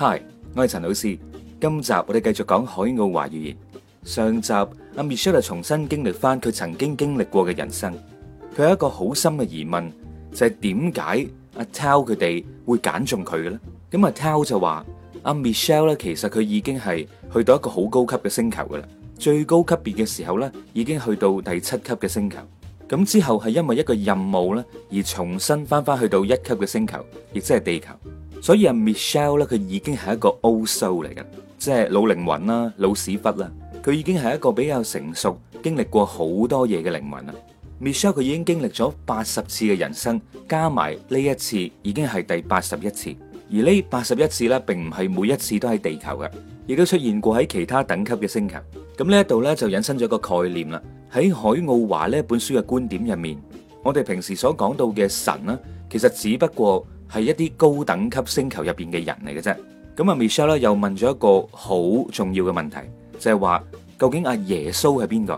Hi，我係陳老師。今集我哋繼續講海奧華語言。上集阿 Michelle 重新經歷翻佢曾經經歷過嘅人生。佢有一個好深嘅疑問，就係點解阿 Tao 佢哋會揀中佢嘅咧？咁阿 Tao 就話阿 Michelle 咧，其實佢已經係去到一個好高級嘅星球噶啦。最高級別嘅時候咧，已經去到第七級嘅星球。咁之後係因為一個任務咧，而重新翻翻去到一級嘅星球，亦即係地球。所以阿 Michelle 咧，佢已經係一個 old soul 嚟嘅，即係老靈魂啦、老屎忽啦。佢已經係一個比較成熟、經歷過好多嘢嘅靈魂啦。Michelle 佢已經經歷咗八十次嘅人生，加埋呢一次已經係第八十一次。而呢八十一次咧，並唔係每一次都喺地球嘅，亦都出現過喺其他等級嘅星球。咁呢一度咧就引申咗一個概念啦。喺海奧華呢本書嘅觀點入面，我哋平時所講到嘅神咧，其實只不過，係一啲高等級星球入邊嘅人嚟嘅啫。咁啊，Michelle 咧又問咗一個好重要嘅問題，就係話究竟阿耶穌係邊個？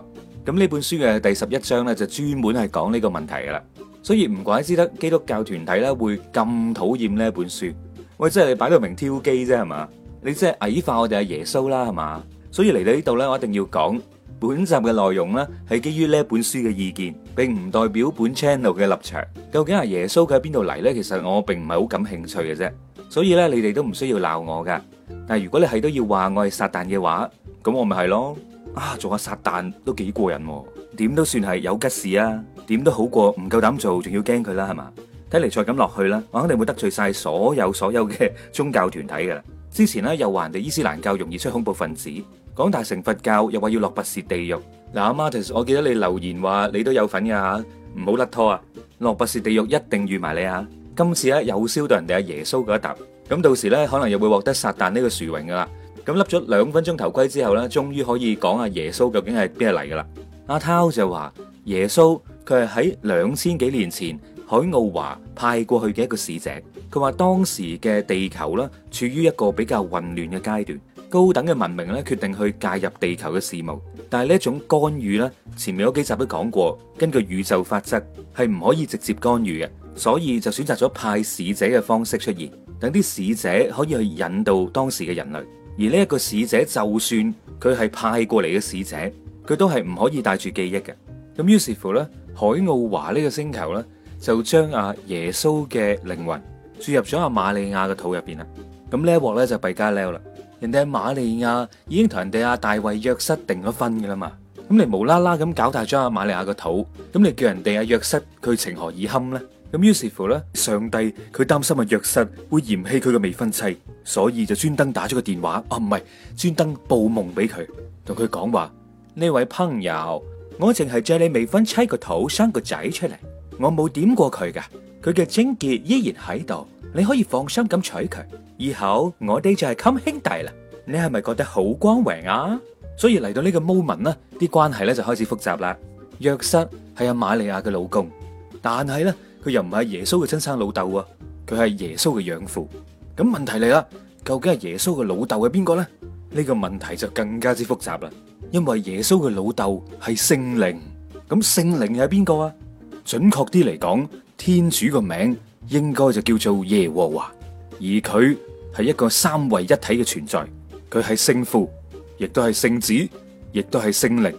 咁呢本書嘅第十一章咧就專門係講呢個問題噶啦。所以唔怪之得基督教團體咧會咁討厭呢一本書。喂，即係你擺到明挑機啫，係嘛？你即係矮化我哋阿耶穌啦，係嘛？所以嚟到呢度咧，我一定要講。本集嘅內容呢，係基於呢一本書嘅意見，並唔代表本 channel 嘅立場。究竟係耶穌佢喺邊度嚟呢？其實我並唔係好感興趣嘅啫。所以呢，你哋都唔需要鬧我噶。但係如果你係都要話我係撒旦嘅話，咁我咪係咯。啊，做下撒旦都幾過癮，點都算係有吉事啊！點都好過唔夠膽做，仲要驚佢啦，係嘛？睇嚟再咁落去啦，我肯定會得罪晒所有所有嘅宗教團體噶啦。之前咧又話人哋伊斯蘭教容易出恐怖分子，講大乘佛教又話要落拔舌地獄。嗱，阿 Mattis，我記得你留言話你都有份噶吓，唔好甩拖啊！落拔舌地獄一定預埋你啊。今次咧又燒到人哋阿耶穌嗰一笪，咁到時咧可能又會獲得撒旦呢個殊榮噶啦。咁笠咗兩分鐘頭盔之後咧，終於可以講下耶穌究竟係邊個嚟噶啦。阿濤就話耶穌佢係喺兩千幾年前海奧華派過去嘅一個使者。佢話當時嘅地球咧，處於一個比較混亂嘅階段。高等嘅文明咧，決定去介入地球嘅事務。但係呢種干預咧，前面有幾集都講過，根據宇宙法則係唔可以直接干預嘅，所以就選擇咗派使者嘅方式出現。等啲使者可以去引導當時嘅人類。而呢一個使者，就算佢係派過嚟嘅使者，佢都係唔可以帶住記憶嘅。咁於是乎咧，海奧華呢個星球咧，就將阿耶穌嘅靈魂，注入咗阿瑪利亞嘅肚入邊啦，咁呢一鑊咧就弊加索啦。人哋喺瑪利亞已經同人哋阿大衛約瑟訂咗婚噶啦嘛，咁你無啦啦咁搞大咗阿瑪利亞個肚，咁你叫人哋阿約瑟，佢情何以堪呢？咁於是乎咧，上帝佢擔心阿約瑟會嫌棄佢個未婚妻，所以就專登打咗個電話，啊唔係，專登報夢俾佢，同佢講話：呢位朋友，我淨係借你未婚妻個肚生個仔出嚟，我冇點過佢噶。佢嘅貞潔依然喺度，你可以放心咁娶佢。以後我哋就係襟兄弟啦。你係咪覺得好光榮啊？所以嚟到呢個 moment 咧，啲關係咧就開始複雜啦。約瑟係阿瑪利亞嘅老公，但係咧佢又唔係耶穌嘅親生老豆啊，佢係耶穌嘅養父。咁問題嚟啦，究竟係耶穌嘅老豆係邊個咧？呢個問題就更加之複雜啦。因為耶穌嘅老豆係聖靈，咁聖靈係邊個啊？準確啲嚟講。天主個名應該就叫做耶和華，而佢係一個三位一體嘅存在。佢係聖父，亦都係聖子，亦都係聖靈。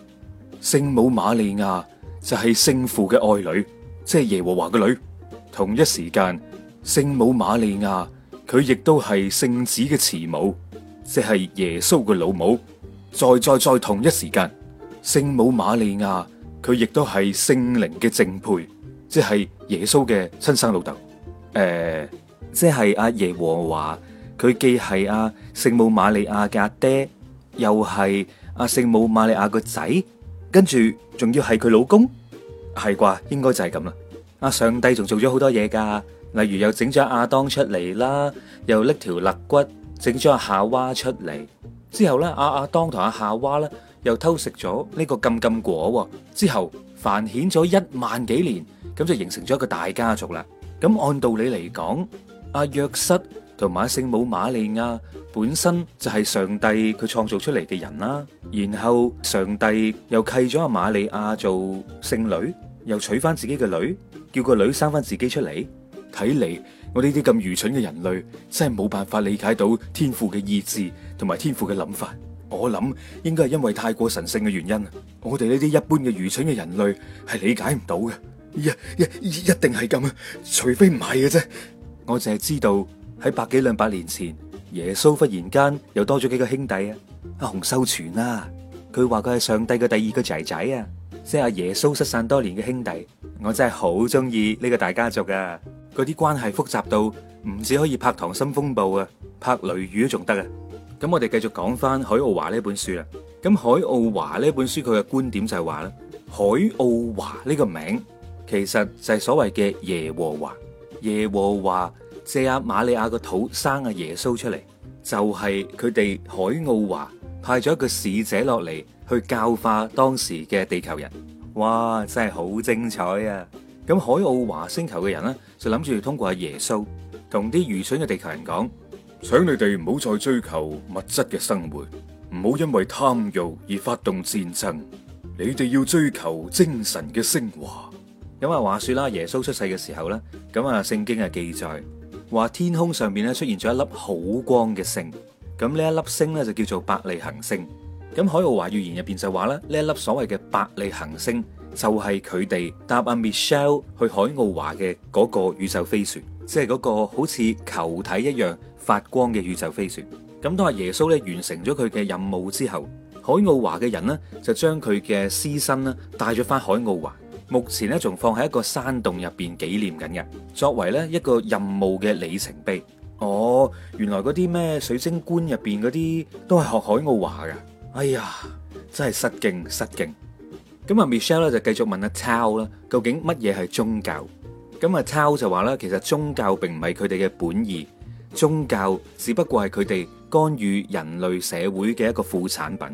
聖母瑪利亞就係聖父嘅愛女，即係耶和華嘅女。同一時間，聖母瑪利亞佢亦都係聖子嘅慈母，即係耶穌嘅老母。再再再同一時間，聖母瑪利亞佢亦都係聖靈嘅正配，即係。耶穌嘅親生老豆，誒，即係阿耶和華，佢既係阿聖母瑪利亞嘅阿爹，又係阿聖母瑪利亞個仔，跟住仲要係佢老公，係啩？應該就係咁啦。阿上帝仲做咗好多嘢噶，例如又整咗阿亞當出嚟啦，又搦條肋骨整咗阿夏娃出嚟，之後咧，阿亞當同阿夏娃咧又偷食咗呢個禁禁果，之後。繁衍咗一萬幾年，咁就形成咗一個大家族啦。咁按道理嚟講，阿約瑟同埋聖母瑪利亞本身就係上帝佢創造出嚟嘅人啦。然後上帝又契咗阿瑪利亞做聖女，又娶翻自己嘅女，叫個女生翻自己出嚟。睇嚟我呢啲咁愚蠢嘅人類，真係冇辦法理解到天父嘅意志同埋天父嘅諗法。我諗應該係因為太過神聖嘅原因，我哋呢啲一般嘅愚蠢嘅人類係理解唔到嘅，一一一定係咁，除非唔係嘅啫。我淨係知道喺百幾兩百年前，耶穌忽然間又多咗幾個兄弟啊！阿洪秀全啦，佢話佢係上帝嘅第二個仔仔啊，即係阿耶穌失散多年嘅兄弟。我真係好中意呢個大家族啊！佢啲關係複雜到唔止可以拍溏心風暴啊，拍雷雨都仲得啊！咁我哋繼續講翻海奧華呢本書啦。咁海奧華呢本書佢嘅觀點就係話咧，海奧華呢個名其實就係所謂嘅耶和華。耶和華借阿瑪利亞個肚生阿耶穌出嚟，就係佢哋海奧華派咗一個使者落嚟去教化當時嘅地球人。哇，真係好精彩啊！咁海奧華星球嘅人呢，就諗住通過阿耶穌同啲愚蠢嘅地球人講。請你哋唔好再追求物質嘅生活，唔好因為貪慾而發動戰爭。你哋要追求精神嘅昇華。因為話說啦，耶穌出世嘅時候咧，咁啊，聖經啊記載話天空上面咧出現咗一粒好光嘅星。咁呢一粒星咧就叫做百利行星。咁海奧華預言入邊就話咧，呢一粒所謂嘅百利行星就係佢哋搭阿 Michelle 去海奧華嘅嗰個宇宙飛船。即係嗰個好似球體一樣發光嘅宇宙飛船。咁當阿耶穌咧完成咗佢嘅任務之後，海奧華嘅人呢就將佢嘅屍身咧帶咗返海奧華。目前呢，仲放喺一個山洞入邊紀念緊嘅，作為呢一個任務嘅里程碑。哦，原來嗰啲咩水晶棺入邊嗰啲都係學海奧華嘅。哎呀，真係失敬失敬。咁啊，Michelle 咧就繼續問阿 Tao 啦，究竟乜嘢係宗教？咁啊，抄就話啦，其實宗教並唔係佢哋嘅本意，宗教只不過係佢哋干預人類社會嘅一個副產品。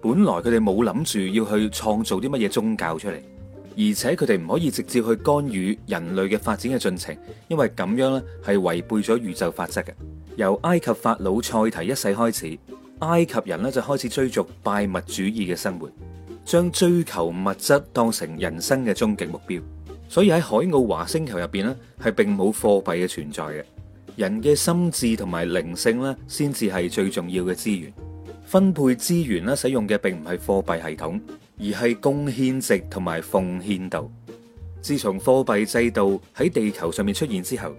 本來佢哋冇諗住要去創造啲乜嘢宗教出嚟，而且佢哋唔可以直接去干預人類嘅發展嘅進程，因為咁樣咧係違背咗宇宙法則嘅。由埃及法老塞提一世開始，埃及人咧就開始追逐拜物主義嘅生活，將追求物質當成人生嘅終極目標。所以喺海奧華星球入邊呢，係並冇貨幣嘅存在嘅。人嘅心智同埋靈性呢先至係最重要嘅資源。分配資源呢，使用嘅並唔係貨幣系統，而係貢獻值同埋奉獻度。自從貨幣制度喺地球上面出現之後，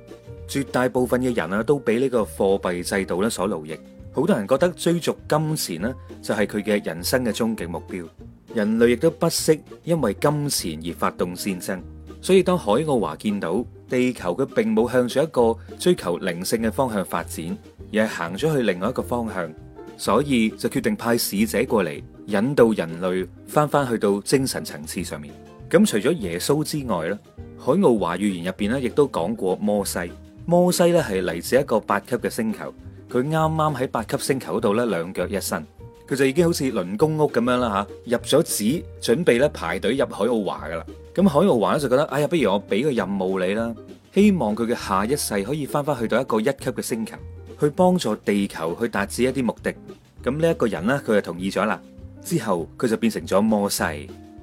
絕大部分嘅人啊，都俾呢個貨幣制度呢所奴役。好多人覺得追逐金錢呢，就係佢嘅人生嘅終極目標。人類亦都不惜因為金錢而發動戰爭。所以當海奧華見到地球佢並冇向住一個追求靈性嘅方向發展，而係行咗去另外一個方向，所以就決定派使者過嚟引導人類翻翻去到精神層次上面。咁除咗耶穌之外咧，海奧華預言入邊咧亦都講過摩西，摩西咧係嚟自一個八級嘅星球，佢啱啱喺八級星球嗰度咧兩腳一伸。佢就已經好似輪公屋咁樣啦，入咗紙準備咧排隊入海奧華噶啦。咁海奧華咧就覺得，哎呀，不如我俾個任務你啦，希望佢嘅下一世可以翻翻去到一個一級嘅星球，去幫助地球去達至一啲目的。咁呢一個人呢，佢就同意咗啦。之後佢就變成咗摩西。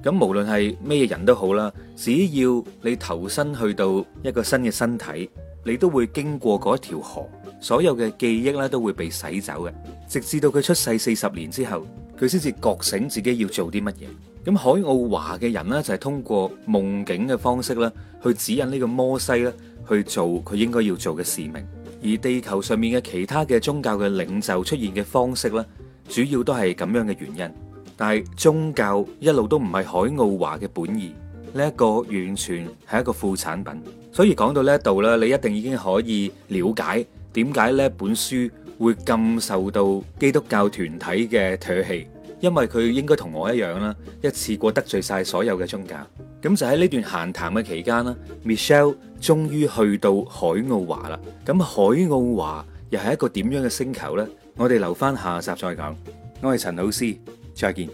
咁無論係咩人都好啦，只要你投身去到一個新嘅身體，你都會經過嗰一條河。所有嘅記憶咧都會被洗走嘅，直至到佢出世四十年之後，佢先至覺醒自己要做啲乜嘢。咁海奧華嘅人咧就係通過夢境嘅方式咧去指引呢個摩西咧去做佢應該要做嘅使命。而地球上面嘅其他嘅宗教嘅領袖出現嘅方式咧，主要都係咁樣嘅原因。但係宗教一路都唔係海奧華嘅本意，呢一個完全係一個副產品。所以講到呢一度咧，你一定已經可以了解。點解呢一本書會咁受到基督教團體嘅唾棄？因為佢應該同我一樣啦，一次過得罪晒所有嘅宗教。咁就喺呢段閒談嘅期間啦，Michelle 終於去到海奧華啦。咁海奧華又係一個點樣嘅星球呢？我哋留翻下集再講。我係陳老師，再見。